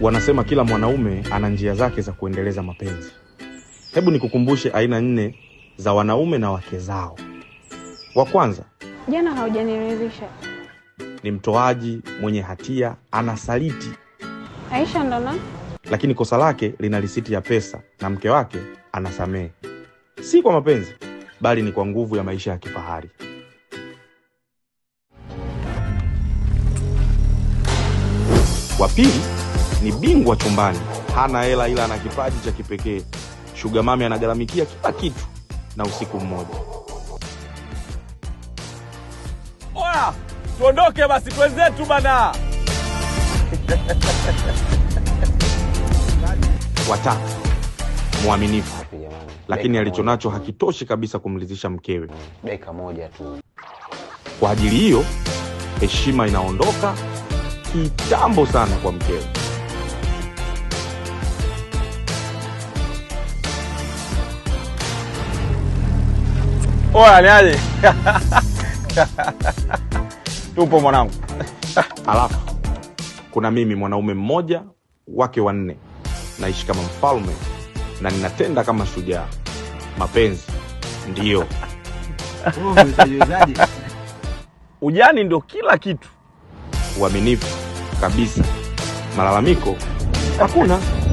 Wanasema kila mwanaume ana njia zake za kuendeleza mapenzi. Hebu nikukumbushe aina nne za wanaume na wake zao. Wa kwanza, jana haujaniridhisha, ni mtoaji mwenye hatia, anasaliti. Aisha ndona, lakini kosa lake lina risiti ya pesa na mke wake anasamehe, si kwa mapenzi, bali ni kwa nguvu ya maisha ya kifahari. Wa pili ni bingwa chumbani, hana hela ila ana kipaji cha kipekee. shuga Mami anagharamikia kila kitu na usiku mmoja. Oya, tuondoke basi twenzetu bana. Watatu, mwaminifu lakini alichonacho hakitoshi kabisa kumridhisha mkewe. beka moja tu. Kwa ajili hiyo, heshima inaondoka kitambo sana kwa mkewe. Oya, Tupo mwanangu. Alafu kuna mimi mwanaume mmoja wake wanne, naishi kama mfalme na ninatenda kama shujaa. Mapenzi ndiyo ujani ndio kila kitu, uaminifu kabisa, malalamiko hakuna.